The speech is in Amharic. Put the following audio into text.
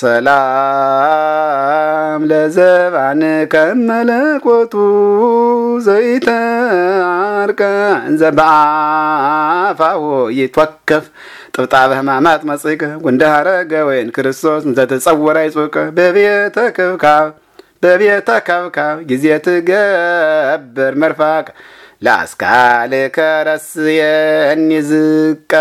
ሰላም ለዘባን ከመለኮቱ ዘይተአርቀን ዘበአፋሁ ይትወከፍ ጥብጣበ ህማማት መጽቅ ጉንዳረገ ወይን ክርስቶስ እንዘተጸወረ ይጹቅ በቤተ ክብካብ በቤተ ከብካብ ጊዜ ትገብር መርፋቅ ለአስካልከ ረስየኒ ዝቀ